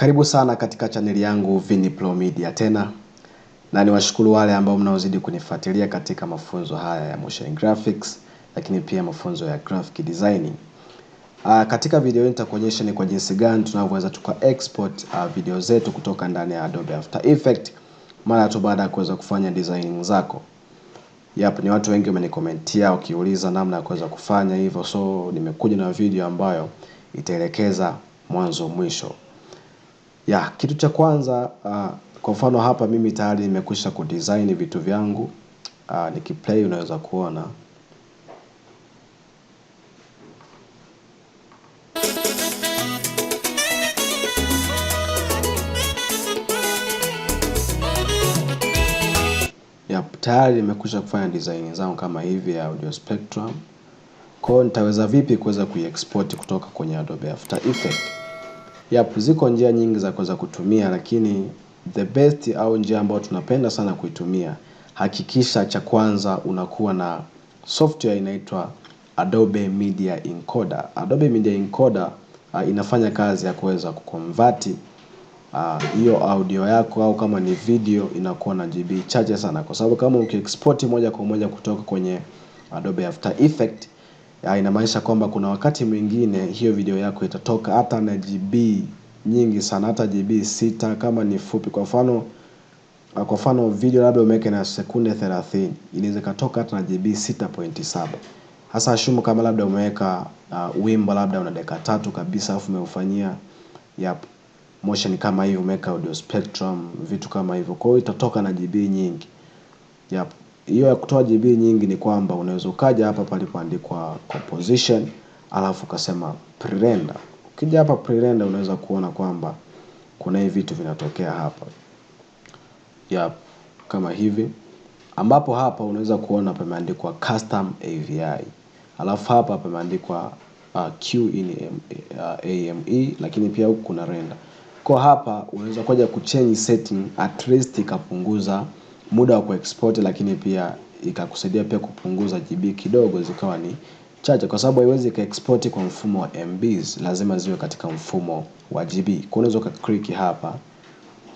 Karibu sana katika chaneli yangu Vinipro Media tena, na niwashukuru wale ambao mnaozidi kunifuatilia katika mafunzo haya ya motion graphics, lakini pia mafunzo ya graphic design. Uh, ah, katika video hii nitakuonyesha ni kwa jinsi gani tunavyoweza tuka export uh, video zetu kutoka ndani ya Adobe After effect mara tu baada ya kuweza kufanya design zako. Yep, ni watu wengi wamenikomentia wakiuliza namna ya kuweza kufanya hivyo, so nimekuja na video ambayo itaelekeza mwanzo mwisho ya kitu cha kwanza uh, kwa mfano hapa mimi tayari nimekwisha kudesign vitu vyangu uh, nikiplay unaweza kuona tayari nimekwisha kufanya design zangu kama hivi ya Audio Spectrum. Kwa nitaweza vipi kuweza kuiexport kutoka kwenye Adobe After Effects? Yap, ziko njia nyingi za kuweza kutumia lakini the best au njia ambayo tunapenda sana kuitumia, hakikisha cha kwanza unakuwa na software inaitwa Adobe Media Encoder. Adobe Media Encoder uh, inafanya kazi ya kuweza kukonvati ah, hiyo uh, audio yako au kama ni video inakuwa na GB chache sana, kwa sababu kama ukiexport moja kwa moja kutoka kwenye Adobe After Effect ya, ah, inamaanisha kwamba kuna wakati mwingine hiyo video yako itatoka hata na GB nyingi sana, hata GB sita kama ni fupi. Kwa mfano ah, kwa mfano video labda umeweka na sekunde 30 inaweza katoka hata na GB 6.7. Hasa shumu kama labda umeweka uh, wimbo labda una dakika tatu kabisa afu umeufanyia yep, motion kama hiyo, umeweka audio spectrum, vitu kama hivyo, kwa hiyo itatoka na GB nyingi yep hiyo ya kutoa JB nyingi ni kwamba unaweza ukaja hapa palipoandikwa composition alafu ukasema prerender Ukija hapa prerender unaweza kuona kwamba kuna hivi vitu vinatokea hapa. Yep, kama hivi ambapo hapa unaweza kuona pameandikwa custom AVI alafu hapa pameandikwa uh, Q in uh, AME lakini pia huku kuna render. Kwa hapa unaweza kuja kuchange setting at least ikapunguza muda wa kuexport, lakini pia ikakusaidia pia kupunguza GB kidogo zikawa ni chache, kwa sababu haiwezi ikaexport kwa mfumo wa MBs, lazima ziwe katika mfumo wa GB. Kwa unaweza ukaklik hapa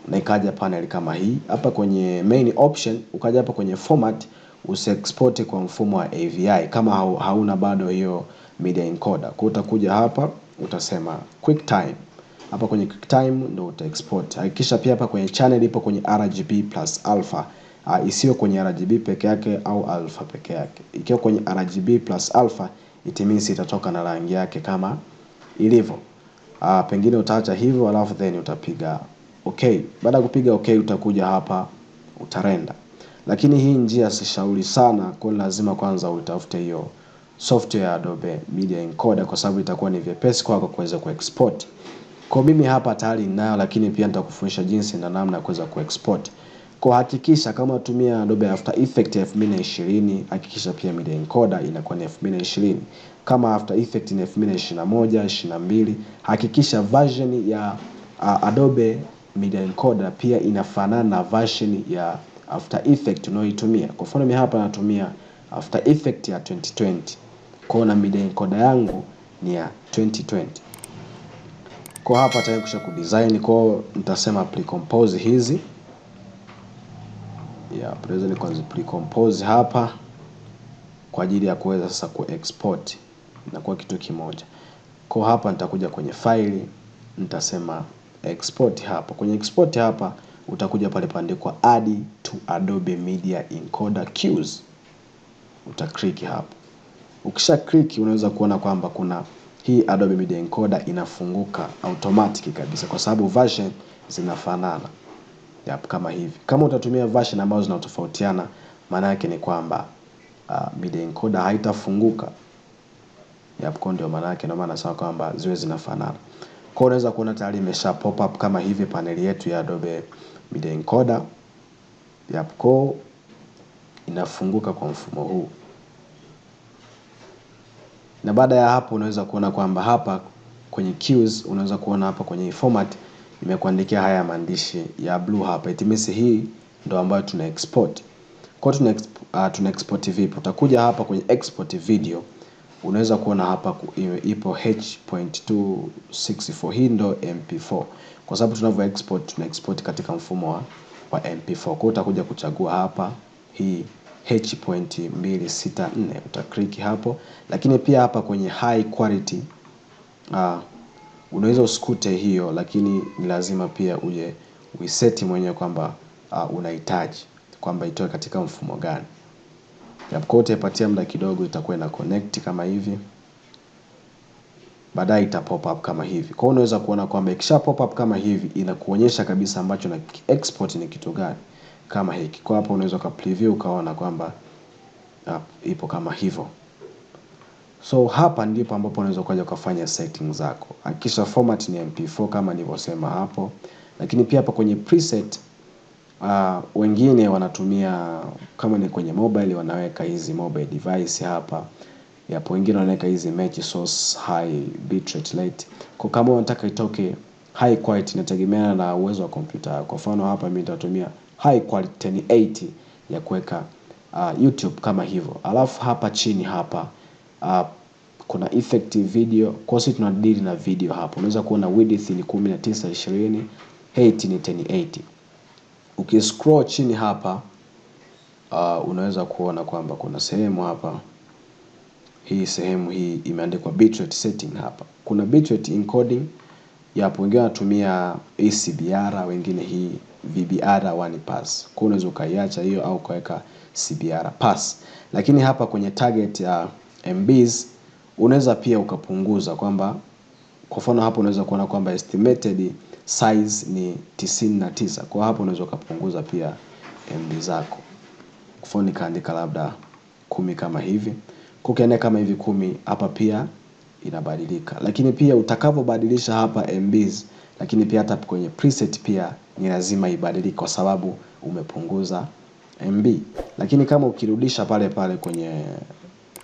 na ikaja panel kama hii hapa kwenye main option, ukaja hapa kwenye format usiexport kwa mfumo wa AVI kama hauna bado hiyo media encoder. Kwa utakuja hapa utasema quick time Hapa kwenye quick time ndio utaexport Hakikisha pia hapa kwenye channel ipo kwenye RGB plus alpha uh, isiyo kwenye RGB peke yake au alpha peke yake. Ikiwa kwenye RGB plus alpha, it means itatoka na rangi yake kama ilivyo. Uh, pengine utaacha hivyo alafu then utapiga okay. Baada ya kupiga okay, utakuja hapa utarenda, lakini hii njia sishauri sana, kwa lazima kwanza utafute hiyo software ya Adobe Media Encoder kwa sababu itakuwa ni vyepesi kwako kuweza kuexport. Kwa mimi hapa tayari ninayo, lakini pia nitakufundisha jinsi na namna ya kuweza kuexport kuhakikisha kama unatumia Adobe After Effect 2020, hakikisha pia media encoder inakuwa ni 2020. Kama After Effect ni 2021, 22, hakikisha version ya uh, Adobe media encoder pia inafanana na version ya After Effect unayoitumia. Kwa mfano mimi hapa natumia After Effect ya 2020. Kwa na media encoder yangu ni ya 2020. Kwa hapa tayari kusha kudesign, kwa nitasema pre-compose hizi yeah, tunaweza nikazi precompose hapa kwa ajili ya kuweza sasa kuexport inakuwa kitu kimoja. Kwa hapa nitakuja kwenye file nitasema export hapa. Kwenye export hapa utakuja pale paandikwa add to Adobe Media Encoder Queues. Uta click hapa. Ukisha click unaweza kuona kwamba kuna hii Adobe Media Encoder inafunguka automatic kabisa kwa sababu version zinafanana. Yep, kama hivi. Kama utatumia version ambazo zinatofautiana, maana yake ni kwamba uh, media encoder haitafunguka. Yep, kwa ndio maana yake, ndio maana nasema kwamba ziwe zinafanana. Kwa unaweza kuona tayari imesha pop up kama hivi paneli yetu ya Adobe Media Encoder. Yep, kwa inafunguka kwa mfumo huu. Na baada ya hapo unaweza kuona kwamba hapa kwenye queues unaweza kuona hapa kwenye format nimekuandikia haya maandishi ya blue hapa. It means hii ndo ambayo tuna export. Kwa tuna uh, tuna export vipi? Utakuja hapa kwenye export video, unaweza kuona hapa ipo h.264 hii ndo mp4, kwa sababu tunavyo export tuna export katika mfumo wa, wa mp4. Kwa utakuja kuchagua hapa hii h.264 utakliki hapo, lakini pia hapa kwenye high quality uh, unaweza usikute hiyo lakini ni lazima pia uje uiseti mwenyewe kwamba uh, unahitaji kwamba itoe katika mfumo gani japokuwa utaipatia muda kidogo itakuwa ina connect kama hivi baadaye ita pop up kama hivi. Kwa unaweza kuona kwamba ikisha pop up kama hivi inakuonyesha kabisa ambacho na export ni kitu gani kama hiki. Kwa hapo unaweza ka preview ukaona kwamba ah, ipo kama hivyo. So hapa ndipo ambapo unaweza ukaja kufanya setting zako. Hakikisha format ni MP4 kama nilivyosema hapo, lakini pia hapa kwenye preset uh, wengine wanatumia kama ni kwenye mobile wanaweka hizi mobile device hapa, yapo wengine wanaweka hizi match source, high bitrate rate. Kwa kama unataka itoke high quality, inategemeana na uwezo wa kompyuta yako. Kwa mfano hapa mimi nitatumia high quality 1080 ya kuweka uh, YouTube kama hivyo, alafu hapa chini hapa uh, kuna effective video kwa sisi tunadili na video hapo. Unaweza kuona width ni 1920 height ni 1080. Ukiscroll chini hapa uh, unaweza kuona kwamba kuna sehemu hapa hii sehemu hii imeandikwa bitrate setting hapa. Kuna bitrate encoding yapo, wengine wanatumia ACBR, wengine hii VBR one pass. Kwa unaweza ukaiacha hiyo au ukaweka CBR pass, lakini hapa kwenye target ya uh, MBs unaweza pia ukapunguza kwamba kwa mfano hapo unaweza kuona kwamba estimated size ni 99. Kwa hapo unaweza ukapunguza pia MB zako. Kwa mfano nikaandika labda kumi kama hivi. Kukienda kama hivi kumi hapa pia inabadilika. Lakini pia utakapobadilisha hapa MBs, lakini pia hata kwenye preset pia ni lazima ibadilike kwa sababu umepunguza MB. Lakini kama ukirudisha pale pale kwenye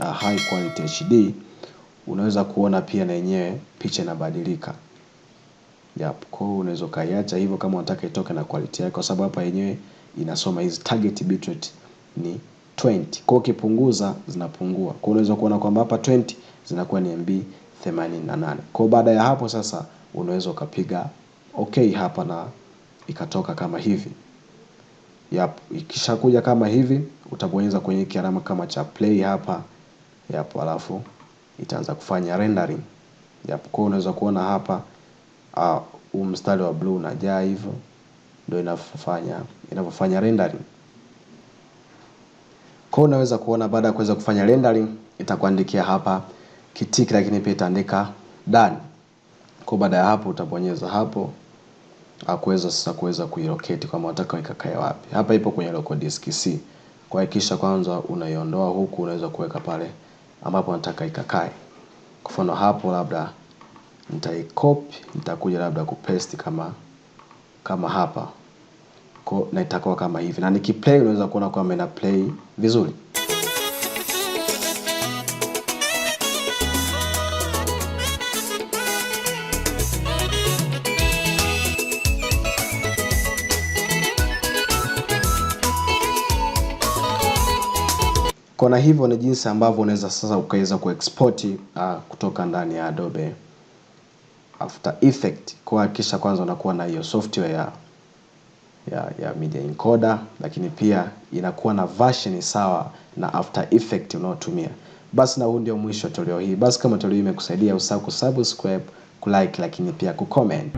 na high quality HD unaweza kuona pia na yenyewe picha inabadilika. Yep, kwa hiyo unaweza kaiacha hivyo kama unataka itoke na quality yake kwa sababu hapa yenyewe inasoma hizi target bitrate ni 20. Kwa ukipunguza zinapungua. Kwa unaweza kuona kwamba hapa 20 zinakuwa ni MB 88. Kwa baada ya hapo sasa unaweza ukapiga okay hapa na ikatoka kama hivi. Yap, ikishakuja kama hivi utabonyeza kwenye kialama kama cha play hapa yapo alafu itaanza kufanya rendering yapo kwa unaweza kuona hapa ah, huu uh, mstari wa blue unajaa hivyo ndio inafanya inavyofanya rendering kwa unaweza kuona baada ya kuweza kufanya rendering itakuandikia hapa kitiki lakini pia itaandika done kwa baada ya hapo utabonyeza hapo akuweza ah, sasa kuweza kuilocate kama unataka ikakae wapi hapa ipo kwenye local disk C kuhakikisha kwanza unaiondoa huku unaweza kuweka pale ambapo nataka ikakae. Kwa hapo labda nitaikopi, nitakuja labda kupaste kama kama hapa. Kwa na itakuwa kama hivi. Na nikiplay unaweza kuona kwamba ina play vizuri. Kwa na hivyo ni jinsi ambavyo unaweza sasa ukaweza kuexport uh, kutoka ndani ya Adobe After Effect. Kwa kwanza unakuwa na hiyo software ya, ya, ya media encoder, lakini pia inakuwa na version sawa na After Effect unaotumia. Basi na huu ndio mwisho wa toleo hii. Basi kama toleo hii imekusaidia, usahau kusubscribe, kulike, lakini pia kucomment.